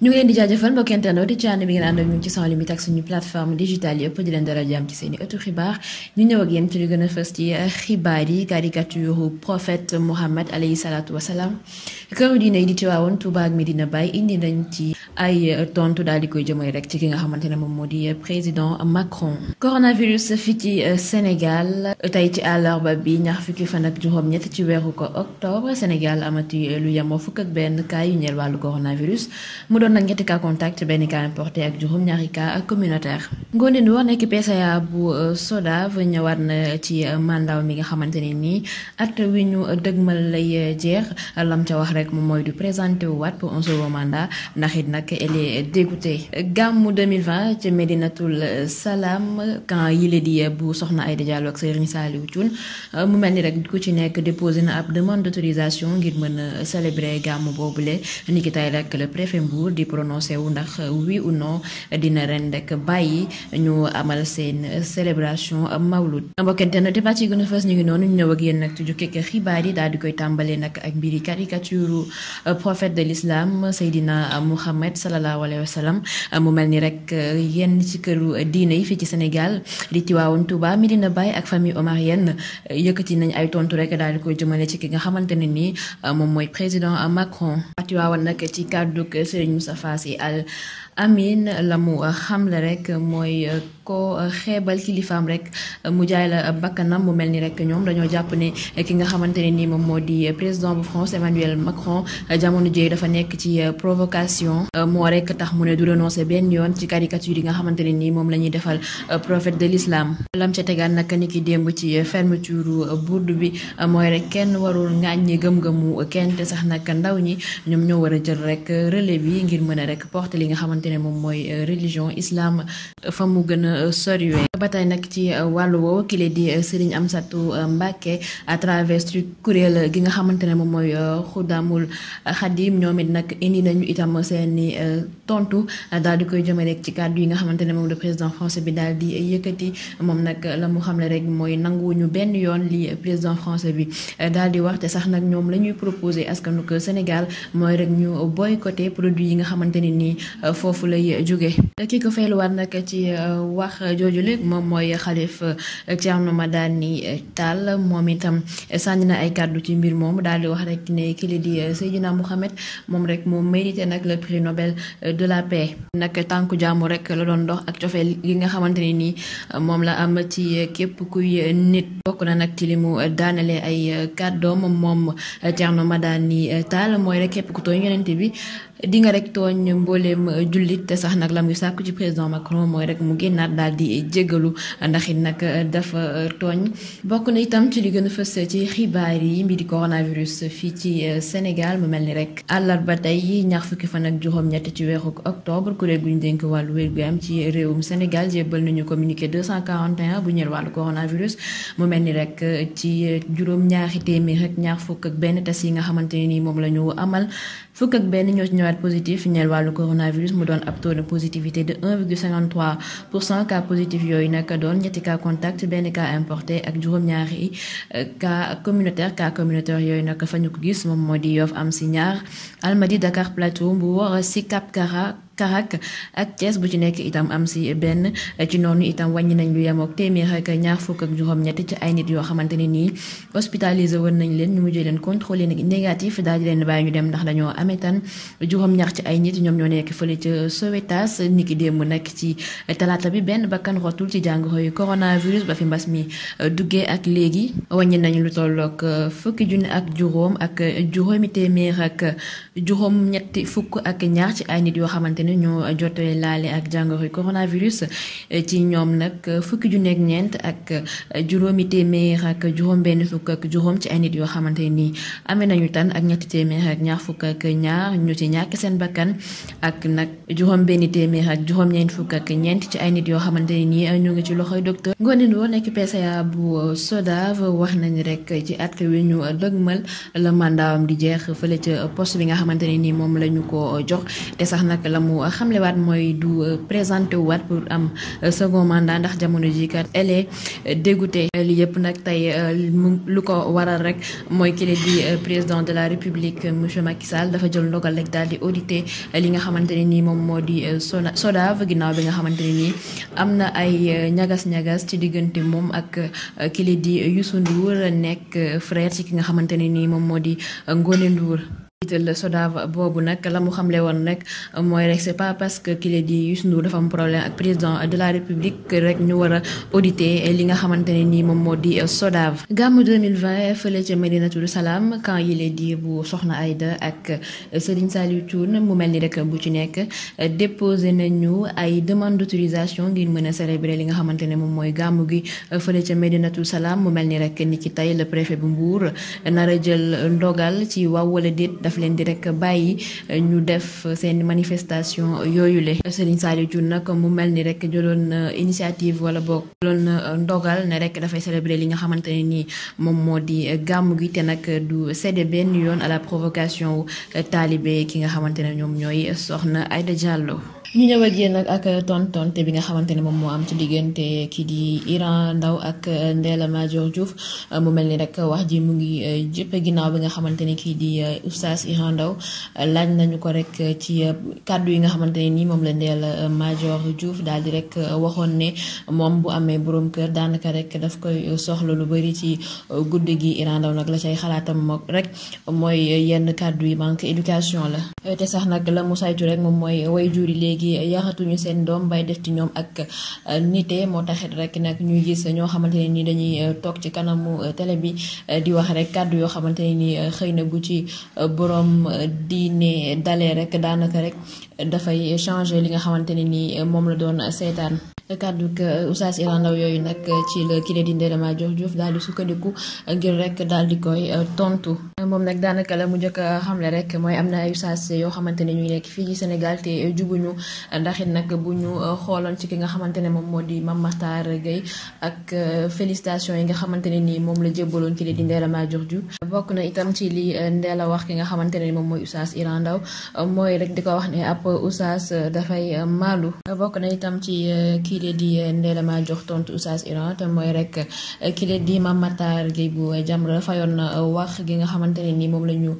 ñu ngi di jaajëfal mbokk internet ci ànd bi ngeen ànd ak ñun ci sans limite ak suñu plateforme digitale yëpp di leen dara jàmm ci seen i xibaar ñu ñëw ak yéen ci li gën a fës ci eh, xibaar yi caricature prophète Mohammed alayhi salaatu wasalaam këru diine yi di Tiwaawoon Touba ak Medina indi nañ ci ay eh, tontu daal di koy jëmale rek ci ki nga xamante ne moom moo di eh, président Macron. coronavirus fi ci Sénégal tey ci àll àllarba bi ñax fukki fan ak juróom ñet ci weeru ko octobre Sénégal amati lu yemoo fukk benn cas yu ñeel wàllu coronavirus mu doon nag ñetti cas contact benn cas importé ak juróom-ñaari cas communautaire. Ngoné Ndour nekk euh, na ci euh, mandat mi nga xamante ne nii at wi ñu dëgmal lay euh, jeex lam ca wax rek moom mooy du présenté wu waat pour un ndax it nag elle est dégoûtée. gàmmu 2020 ci Medinatul Salaam camp yile di bu soxna Aïda Diallo ak Serigne Saliou Thioune mu mel ni rek ku ci nekk déposé na ab demande d'autorisation ngir mën a célébrer gàmmu boobule ni ki tay rek le préfet di prononcé wu ndax oui ou non dina ren rek bàyyi ñu amal seen célébration mawlud mbokkente na débat yi gën a fës ñu ngi noonu ñu ñëw ak yéen nag tuju kekk xibaar yi daal di koy tàmbalee nag ak mbiri caricature euh, prophète de l'islam Seydina Mouhamed sallallahu alayhi wa euh, mu mel ni rek euh, yenn ci këru diine yi fii ci Sénégal di Tiwaawoon Touba Medina Baye ak famille omarienne yëkkati nañ ay tontu rek daal di koy jëmale ci ki nga xamante ne ni moom mooy président Macron. Tiwaawoon nag مصطفى سي amin la mu xam xamle rek mooy euh, koo xeebal kilifaam rek mu jaay la bakkanam mu mel ni rek ñoom dañoo jàpp ne ki nga xamante ne ni moom moo di président bu France Emmanuel Macron jamono jii dafa nekk ci euh, provocation euh, moo rek tax mu ne du renoncer benn yoon ci caricature yi nga xamante ne ni moom la ñuy defal prophète de l'islam lam ca tegaat nag ni ki démb ci fermeture bourde bi mooy rek kenn warul ngaañ ñi gëm-gëmu kenn te sax nag ndaw ñi ñoom ñoo war a jël rek relais bi ngir mën a rek porter li nga xamante xamante ne moom mooy euh, religion islam fa mu gën a euh, soriwee ba tey nag ci euh, wàllu woowu ki di Serigne Amsatou Mbacké à travers kuréel gi nga xamante ne moom mooy xuddaamul xadim ñoom it nag indi nañu itam seeni tontu daal di koy jëme rek ci kaddu yi nga xamante ne moom le président français bi daal di yëkkati moom nag la mu xamle rek mooy nanguwuñu benn yoon li président français bi daal di wax sax nag ñoom la ñuy proposé askanu Sénégal mooy rek ñu boycotté produit yi nga xamante ne foofu foofu lay jóge ki ko fayluwaat nag ci uh, wax jooju léegi moom mooy xalif uh, Thierno Madani uh, taal moom itam sànni na ay kàddu ci mbir moom daal di wax rek ne kili di Seydina Mohamed moom rek moo nag le prix Nobel de la paix jàmm rek la doon dox ak cofeel gi nga xamante ne nii moom la am ci képp kuy nit bokk na nag ci li mu daanale ay kàddoom moom Thierno Madani Tall mooy rek képp ku tooñ yonent bi di nga tooñ mbooleem jullit sax nag la muy sàkku ci président Macron mooy rek mu génnaat daal di jégalu ndax it nag dafa tooñ bokk na itam ci li gën a fës ci xibaar yi mbiri coronavirus fii ci euh, Sénégal mu mel ni rek àllarba tey ñaax fukki fan ak juróom-ñett ci weeru octobre kuréel gu ñu dénk wàllu wér gu am ci réewum Sénégal jébbal nañu communiqué 241 bu ñeel wàllu coronavirus mu mel ni rek euh, ci euh, juróom ñaaxi téeméer rek ñaax fukk ak benn test yi nga xamante ne ni moom la amal doon ab taux de positivité de 1,53 pour cent cas positif yooyu nag doon ñetti cas contact benn cas importé ak juróom-ñaari ka euh, communautaire ka communautaire yooyu nag fa ñu ko gis moom moo di Yoff am si ñaar Almadies Dakar Plateau Mbour Sicap Kara karak ak Thiès bu ci nekk itam am si benn ci noonu itam wàññi nañ lu yem ak téeméer ak ñaar fukk ak juróom ay nit yoo xamante ne nii hospitalisé woon nañ leen ñu mujjee leen leen bàyyi ñu dem ndax dañoo amee tan juróom-ñaar ci ay nit ñoom ñoo nekk fële ca Sowétas ni ki démb nag ci talaata bi benn bakkan rotul ci jàngoro yu coronavirus ba fi mbas mi duggee ak léegi wàññi nañ lu tollook fukki junni ak juróom ak juróomi téeméer ak juróom-ñetti fukk ak ñaar ci ay nit yoo xamante ne ñoo jotee laale ak jàngoro yi coronavirus ci ñoom nag fukki junni ak ñeent ak juróomi téeméer ak juróom benn fukk ak juróom ci ay yoo xamante ni amee nañu tan ak ñetti téeméer ak ñaar fukk ak ñaar ñu ci ñàkk seen bakkan ak nag juróom benn téeméer ak juróom ñeent fukk ak ñeent ci ay nit yoo xamante nii ñu ngi ci loxoy docteur Ngoné Ndour nekk PCA bu SODAV wax nañu rek ci at wi ñu dëgmal la mandaawam di jeex fële ci poste bi nga xamante ne ni moom lañu ko jox te sax nag la mu waat mooy du euh, présenté waat pour am euh, second mandat ndax jamono ji kat elle est euh, yëpp nag tey lu ko waral rek mooy kile di président de la république monsieur Macky Sall dafa jël ndogal rek daal di audité li nga xamante ne nii moom moo di SODAV ginnaaw bi nga xamante ne nii am na ay ñagas-ñagas ci diggante moom ak kile di Youssou Ndour nekk frère ci ki nga xamante ne nii moom moo di Ngone Ndour jiital SODAV boobu nag la mu xamle woon rek mooy rek c'est pas parce que kii la di Youssou Ndour dafa am problème ak président de la République rek ñu war a auditer li nga xamante ne nii moom moo di SODAV. gàmm 2020 fële ca Medinatul Salaam camp yi la di bu Soxna Aida ak Serigne Saliou Thioune mu mel ni rek bu ci nekk déposé nañu ay demande d'autorisation ngir mën a célébrer li nga xamante ne moom mooy gàmm gi fële ca Medinatul Salaam mu mel ni rek ni ki tey le préfet bu Mbour nar daf leen di rek bàyyi ñu def seen manifestation yooyu le Serigne Saliou Thioune nag mu mel ni rek jëloon initiative wala boog jëloon ndogal ne rek dafay célébrer li nga xamante ne nii moom moo di gàmmu gi te nag du cédé benn yoon à la provocation taalibe ki nga xamante ne ñoom ñooy soxna Aïda Diallo ñu ñëw ak yéen nag ak tontonte bi nga xamante ne moom moo am ci diggante kii di Iran Ndaw ak euh, Ndella Madior Diouf euh, mu mel ni rek wax ji mu ngi euh, jëpp ginnaaw bi nga xamante ni kii di oustaz Iran Ndaw laaj nañu ko rek ci kàddu yi nga xamante ne nii moom la Ndella Madior Diouf daal di rek waxoon ne moom bu amee borom kër daanaka rek daf koy soxla lu bari ci gudd gi Iran Ndaw nag la cay xalaatam moom mooy yenn kàddu yi manque éducation la te sax nag la mu saytu léegi yaxatuñu seen doom bay def ci ñoom ak euh, nité moo taxit rek nag ñuy gis ñoo xamante ne ni dañuy euh, toog ci kanamu euh, télé bi di wax rek kàddu yoo xamante ne ni xëy na bu ci borom diine dalee rek daanaka rek dafay changer li nga xamante ne nii euh, moom la doon seetaan. kàddu gi euh, Oustaz Iran Ndao yooyu nag euh, ci la ki la di Ndella Madior Diouf daal rek daal di koy tontu. moom nag daanaka la mu njëkk a xamle rek mooy am na ay oustaz yoo xamante ne ñu nekk fii ci Sénégal te jubuñu ndax it nag bu ñu xooloon ci ki nga xamante ne moom moo di Mame Makhtar Gueye ak félicitation yi nga xamante ne nii moom la jébbaloon ki la di Ndella Madior Diouf. bokk na itam ci li la wax ki nga xamante ne moom mooy Oustaz Iran Ndao mooy rek di ko wax ne ab Euh, Oustaz euh, dafay euh, maalu bokk na itam ci kii di Ndella jox tontu Oustaz Iran te mooy rek kii di Mame Matar Gueye bu Jamra fayoon na wax gi nga xamante ne ni moom la ñu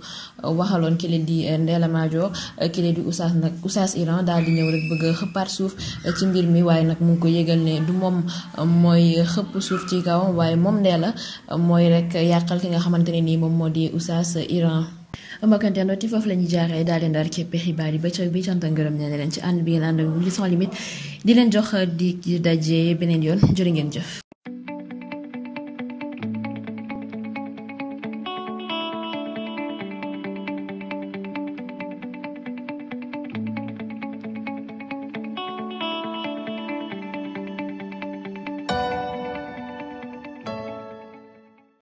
waxaloon kii di Ndella Madior kii di Oustaz nag Oustaz Iran daal di ñëw rek bëgg a xëppaat suuf ci mbir mi waaye nag mu ngi ko yëgal ne du moom mooy xëpp suuf ci kaw waaye moom Ndella mooy rek yàqal ki nga xamante ne ni moom moo di Oustaz Iran. mbokkanteer noti foofu la ñuy jaaree daal leen daal képp xibaar yi ba cër bi cant ak ngërëm ne leen ci ànd bi ngeen ànd ak li sans limite di leen jox di daje beneen yoon jërë ngeen jëf